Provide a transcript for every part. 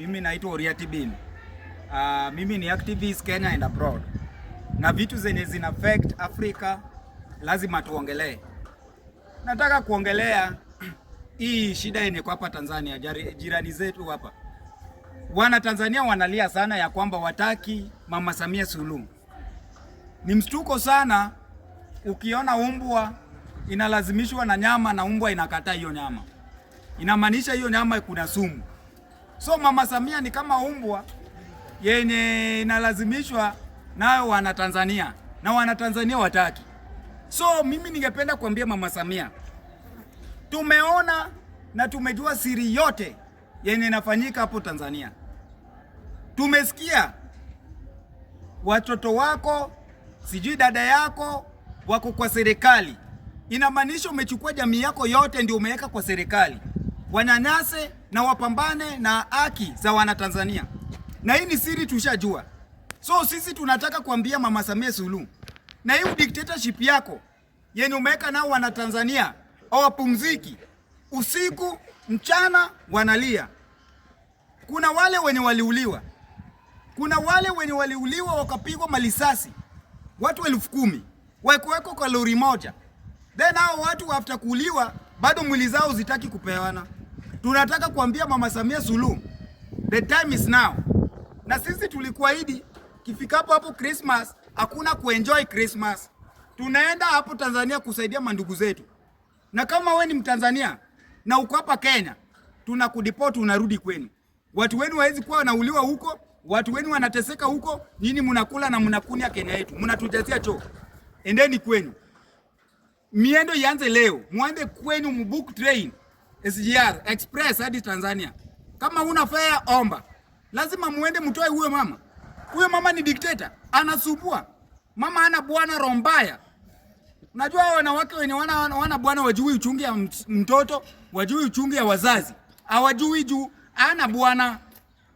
Mimi naitwa Oriati Bin. Uh, ah, mimi ni activist Kenya and abroad, na vitu zenye zina affect Africa lazima tuongelee. Nataka kuongelea hii shida yenye kwa hapa Tanzania, jirani zetu hapa wana Tanzania wanalia sana ya kwamba wataki Mama Samia Suluhu. Ni mshtuko sana ukiona umbwa inalazimishwa na nyama na umbwa inakataa hiyo nyama, inamaanisha hiyo nyama kuna sumu. So Mama Samia ni kama umbwa yenye inalazimishwa nayo Wanatanzania na Wanatanzania wataki. So mimi ningependa kuambia Mama Samia, tumeona na tumejua siri yote yenye inafanyika hapo Tanzania. Tumesikia watoto wako sijui dada yako wako kwa serikali, inamaanisha umechukua jamii yako yote ndio umeweka kwa serikali, wanyanyase na wapambane na haki za Wanatanzania, na hii ni siri tushajua. So sisi tunataka kuambia Mama Samia Suluhu na hii dictatorship yako yenye umeweka nao Wanatanzania hawapumziki, usiku mchana wanalia. Kuna wale wenye waliuliwa, kuna wale wenye waliuliwa wakapigwa malisasi, watu elfu kumi wakuweko kwa lori moja, then hao watu after kuuliwa bado mwili zao zitaki kupewana. Tunataka kuambia Mama Samia Suluhu, the time is now. Na sisi tulikuahidi kifikapo hapo Christmas hakuna kuenjoy Christmas. Tunaenda hapo Tanzania kusaidia mandugu zetu, na kama we ni Mtanzania na uko hapa Kenya, tunakudeport unarudi kwenu. Watu wenu hawezi kuwa wanauliwa huko, watu wenu wanateseka huko, nyinyi mnakula na mnakunya Kenya yetu, mnatujazia choo. Endeni kwenu, miendo ianze leo, muende kwenu, mbook train SGR Express hadi Tanzania. Kama una fare omba, lazima muende mtoe huyo mama. Huyo mama ni dikteta, anasubua mama, ana bwana rombaya. Unajua wanawake wenye wana, wana bwana wajui uchungu ya mtoto, wajui uchungu ya wazazi, hawajui juu ana bwana.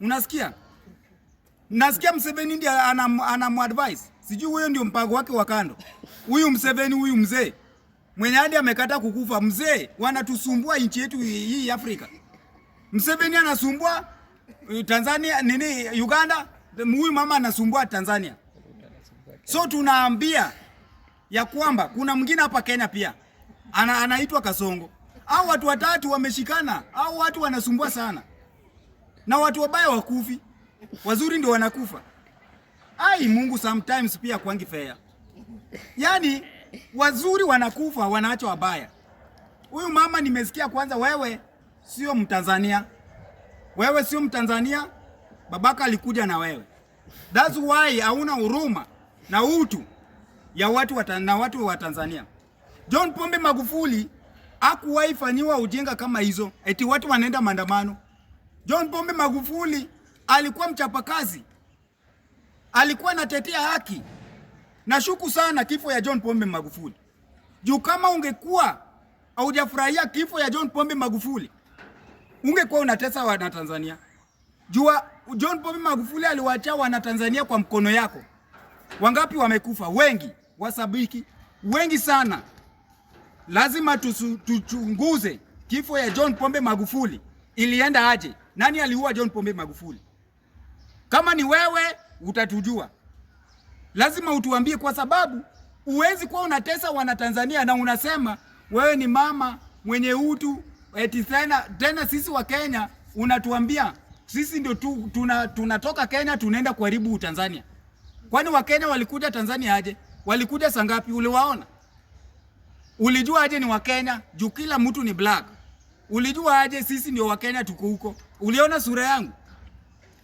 Unasikia, nasikia Mseveni ndiye anam, anam advice. Sijui huyo ndio mpango wake wa kando, huyu Mseveni, huyu mzee mwenye hadi amekata kukufa. Mzee wanatusumbua nchi yetu hii Afrika. Mseveni anasumbua eh, Tanzania nini, Uganda, huyu mama anasumbua Tanzania. So tunaambia ya kwamba kuna mwingine hapa Kenya pia ana, anaitwa Kasongo. au watu watatu wameshikana, au watu wanasumbua sana, na watu wabaya wakufi, wazuri ndio wanakufa. Ai Mungu, sometimes pia kwangi fair, yani wazuri wanakufa, wanaacha wabaya. Huyu mama nimesikia kwanza, wewe sio Mtanzania, wewe sio Mtanzania, babaka alikuja na wewe, that's why hauna huruma na utu ya watu wa, na watu wa Tanzania. John Pombe Magufuli hakuwahi fanyiwa ujinga kama hizo, eti watu wanaenda maandamano. John Pombe Magufuli alikuwa mchapakazi, alikuwa anatetea haki. Nashuku sana kifo ya John Pombe Magufuli. Juu kama ungekuwa haujafurahia kifo ya John Pombe Magufuli, ungekuwa unatesa wana Tanzania. Jua John Pombe Magufuli aliwaacha wana Tanzania kwa mkono yako. Wangapi wamekufa? Wengi wasabiki, wengi sana. Lazima tusu, tuchunguze kifo ya John Pombe Magufuli ilienda aje? Nani aliua John Pombe Magufuli? Kama ni wewe utatujua lazima utuambie, kwa sababu uwezi kuwa unatesa wana Tanzania na unasema wewe ni mama mwenye utu eti tena, tena sisi wa Kenya unatuambia sisi ndio tu, tuna, tunatoka Kenya tunaenda kuharibu Tanzania. Kwani Wakenya walikuja Tanzania aje? Walikuja sangapi? Uliwaona? Ulijua aje ni Wakenya juu kila mtu ni black? Ulijua aje sisi ndio Wakenya tuko huko? Uliona sura yangu?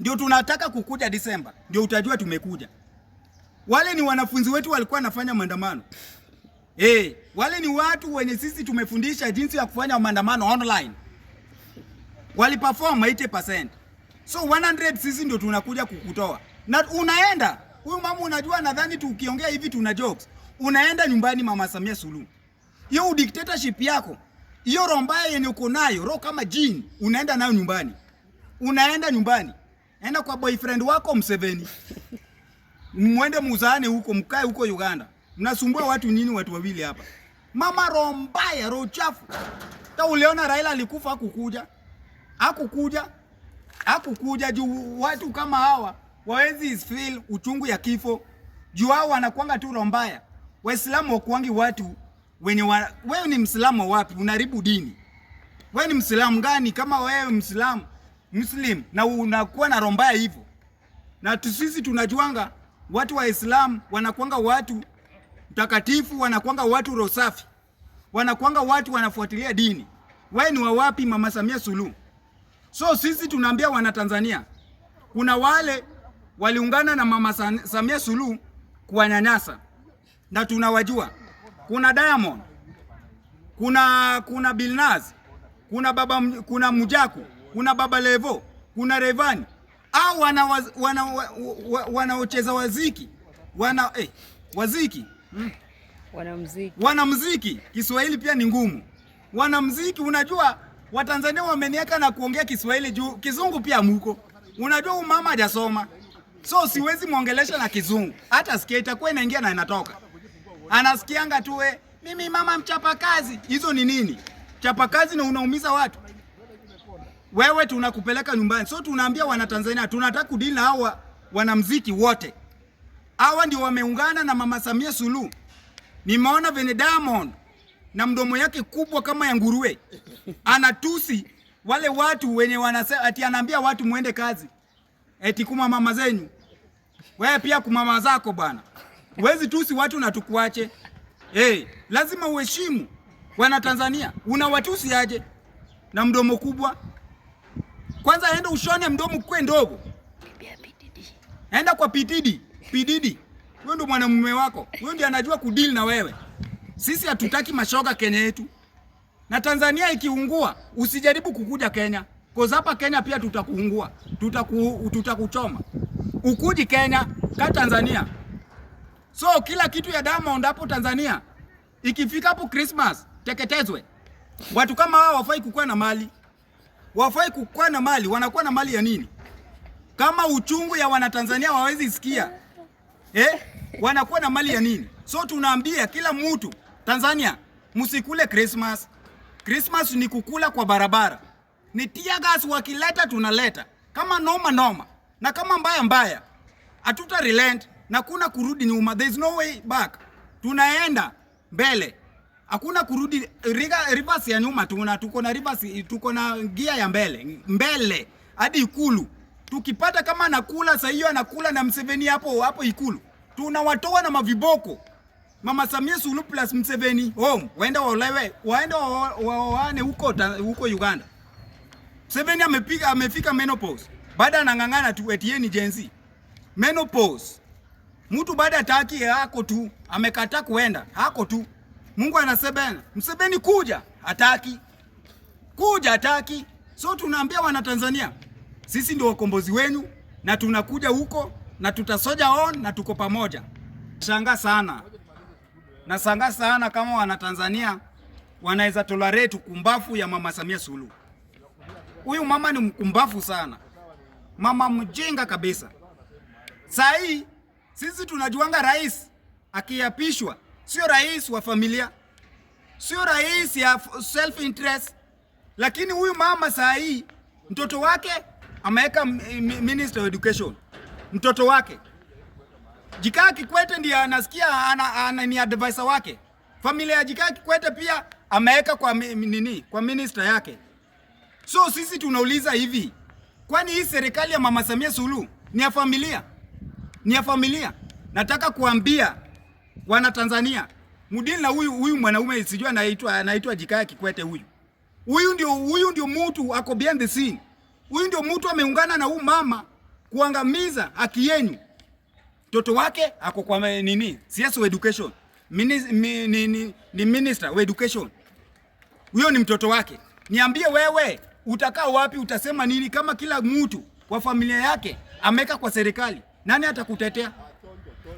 Ndio tunataka kukuja Disemba, ndio utajua tumekuja. Wale ni wanafunzi wetu walikuwa wanafanya maandamano. Hey, eh, wale ni watu wenye sisi tumefundisha jinsi ya kufanya maandamano online. wali perform 80%. So 100 sisi ndio tunakuja kukutoa. Na unaenda, huyu mama unajua nadhani tukiongea hivi tuna jokes. Unaenda nyumbani Mama Samia Suluhu. Hiyo dictatorship yako, hiyo roho mbaya yenye uko nayo, roho kama jin, unaenda nayo nyumbani. Unaenda nyumbani. Enda kwa boyfriend wako Mseveni mwende muzane huko, mkae huko Uganda. Mnasumbua watu nini? Watu wawili hapa, mama roho mbaya, roho chafu. Ta uliona Raila alikufa, hakukuja hakukuja hakukuja juu watu kama hawa wawezi feel uchungu ya kifo juu hao wanakuanga tu roho mbaya. Waislamu wakuangi watu wenye wa, wewe ni mslamu wapi? Unaribu dini. Wewe ni mslamu gani? Kama wewe mslamu muslim na unakuwa na roho mbaya hivyo, na sisi tunajuanga watu wa Islam wanakuanga watu mtakatifu, wanakuanga watu rosafi, wanakuanga watu wanafuatilia dini. Wewe ni wa wapi, Mama Samia Suluhu? So sisi tunaambia Wanatanzania, kuna wale waliungana na Mama Samia Suluhu kuwanyanyasa na tunawajua. Kuna Diamond, kuna kuna Bilnaz, kuna baba, kuna Mujaku, kuna baba Levo, kuna Revani au wanaocheza waziki wana eh, waziki mm. Wanamziki, wanamziki Kiswahili pia ni ngumu. Wanamziki, unajua Watanzania wameniaka na kuongea Kiswahili juu kizungu pia muko, unajua huyu mama hajasoma, so siwezi mwongelesha na kizungu, hata sikia itakuwa inaingia na inatoka, anasikianga tu we, mimi mama mchapa kazi Hizo ni nini chapakazi? Na unaumiza watu wewe tunakupeleka nyumbani. So tunaambia Wanatanzania tunataka kudili na hawa wanamziki wote. Hawa ndio wameungana na Mama Samia Suluhu. Nimeona venye Diamond na mdomo yake kubwa kama ya nguruwe anatusi wale watu wenye wanasema ati anaambia watu muende kazi, eti kuma mama zenyu. Wewe pia mama zako bwana, huwezi tusi watu na tukuache. Hey, eh, lazima uheshimu Wanatanzania. Unawatusi aje na mdomo kubwa? Kwanza aende ushone mdomo kwe ndogo. Enda kwa pididi. Pididi. Wewe ndio mwanamume wako. Wewe ndio anajua kudeal na wewe. Sisi hatutaki mashoga Kenya yetu. Na Tanzania ikiungua, usijaribu kukuja Kenya. Koza hapa Kenya pia tutakuungua. Tutaku, tutakuchoma. Ukuji Kenya ka Tanzania. So kila kitu ya Diamond hapo Tanzania ikifika hapo Christmas teketezwe. Watu kama hao hawafai kukuwa na mali wafai kukua na mali, wanakuwa na mali ya nini? Kama uchungu ya wanatanzania wawezi sikia eh? Wanakuwa na mali ya nini? So tunaambia kila mtu Tanzania, msikule Christmas. Christmas ni kukula kwa barabara, ni tia gas wakileta, tunaleta kama noma noma na kama mbaya mbaya, hatuta relent na kuna kurudi nyuma, there is no way back, tunaenda mbele hakuna kurudi riga, reverse ya nyuma, tuna tuko na reverse, tuko na gia ya mbele mbele hadi Ikulu. Tukipata kama anakula sasa, hiyo anakula na Mseveni hapo hapo Ikulu, tunawatoa na maviboko. Mama Samia Suluhu plus Mseveni home, waenda waolewe, waenda waoane huko huko Uganda. Mseveni amepiga amefika menopause, baada anang'ang'ana tu etieni Gen Z menopause. Mtu baada ataki taki hako tu amekataa kuenda hako tu Mungu anasebena msebeni kuja hataki, kuja hataki. So tunaambia Wanatanzania, sisi ndio wakombozi wenu na tunakuja huko na tutasoja on na tuko pamoja. Shanga sana nashangaa sana kama Wanatanzania wanaweza tolerate kumbafu ya mama Samia Suluhu. Huyu mama ni mkumbafu sana, mama mjinga kabisa. sahii sisi tunajuanga rais akiapishwa sio rais wa familia, sio rais ya self interest. Lakini huyu mama saa hii mtoto wake ameweka minister of education, mtoto wake Jikaa Kikwete ndiye anasikia ana, ana, ni advisor wake. Familia ya Jikaa Kikwete pia ameweka kwa nini, kwa minister yake. So sisi tunauliza hivi, kwani hii serikali ya Mama Samia Suluhu ni ya familia? Ni ya familia. Nataka kuambia wana Tanzania, mudini na huyu huyu mwanaume sijui anaitwa anaitwa Jikaya Kikwete huyu. Huyu ndio huyu ndio mtu ako behind the scene. Huyu ndio mtu ameungana na huyu mama kuangamiza haki yenu. Mtoto wake ako kwa nini? CS education. Minis, mi, ni, ni, ni minister wa education. Huyo ni mtoto wake. Niambie wewe utakaa wapi? Utasema nini kama kila mtu kwa familia yake ameka kwa serikali? Nani atakutetea?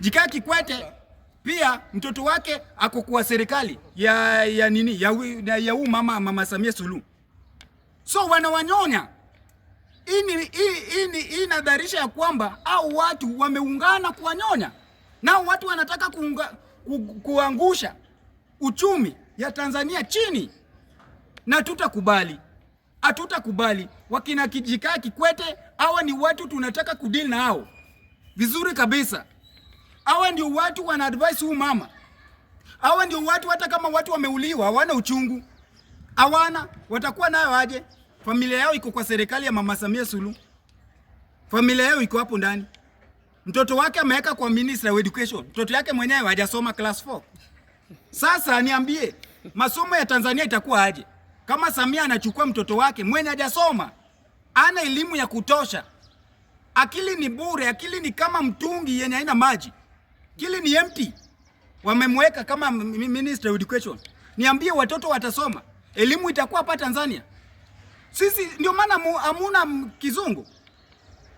Jakaya Kikwete pia mtoto wake ako kwa serikali ya ya nini ya ya huu mama mama Samia Suluhu. So wanawanyonya. ini, inadharisha ya kwamba au watu wameungana kuwanyonya, nao watu wanataka kuunga, ku, kuangusha uchumi ya Tanzania chini, na tutakubali hatutakubali. Wakina Kijikaa Kikwete, hawa ni watu tunataka kudili nao vizuri kabisa. Hawa ndio watu wana advise huu mama. Hawa ndio watu, hata kama watu wameuliwa hawana uchungu, hawana watakuwa nayo aje? Familia yao iko kwa serikali ya mama Samia Suluhu, familia yao iko hapo ndani. Mtoto wake ameweka kwa Ministry of education, mtoto yake mwenyewe hajasoma class 4. Sasa niambie, masomo ya Tanzania itakuwa aje kama Samia anachukua mtoto wake mwenye hajasoma, ana elimu ya kutosha, akili ni bure, akili ni kama mtungi yenye haina maji. Kili ni empty. Wamemweka kama minister of education. Niambie watoto watasoma, elimu itakuwa hapa Tanzania. Sisi ndio maana hamuna kizungu,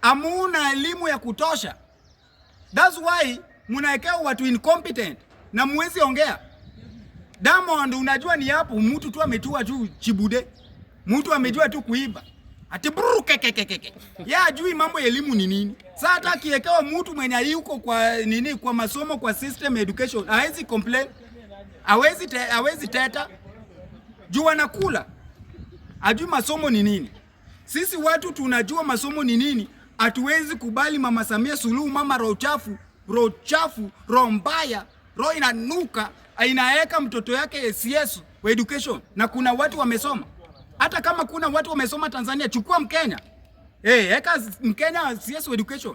hamuna elimu ya kutosha. That's why mnawekewa watu incompetent na muwezi ongea. Diamond unajua ni hapo mtu tu ametua tu chibude, mtu amejua tu kuiba. Ati buru keke keke. Ya ajui mambo ya elimu ni nini. Sasa hata akiwekewa mtu mwenye yuko kwa nini kwa masomo kwa system education, hawezi complain. Hawezi te, hawezi teta. Juu anakula. Ajui masomo ni nini. Sisi watu tunajua masomo ni nini. Hatuwezi kubali Mama Samia Suluhu, mama roho chafu, roho chafu, roho mbaya, roho inanuka, inaweka mtoto yake ACS kwa education na kuna watu wamesoma hata kama kuna watu wamesoma Tanzania, chukua Mkenya Eh, hey, eka Mkenya CS education.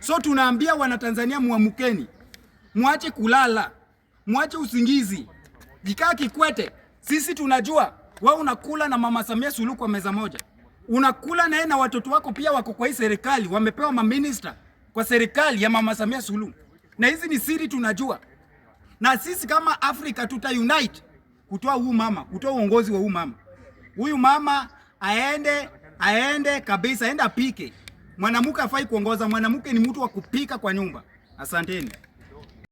So tunaambia wana Tanzania muamukeni, Muache kulala, Muache usingizi. Jikaa Kikwete, sisi tunajua wewe unakula na mama Samia Suluhu kwa meza moja, unakula naye na watoto wako pia wako kwa hii serikali, wamepewa maminista kwa serikali ya mama Samia Suluhu, na hizi ni siri tunajua, na sisi kama Afrika tuta unite kutoa huu mama, kutoa uongozi wa huu mama huyu mama aende aende kabisa, aende apike. Mwanamke afai kuongoza, mwanamke ni mtu wa kupika kwa nyumba. Asanteni.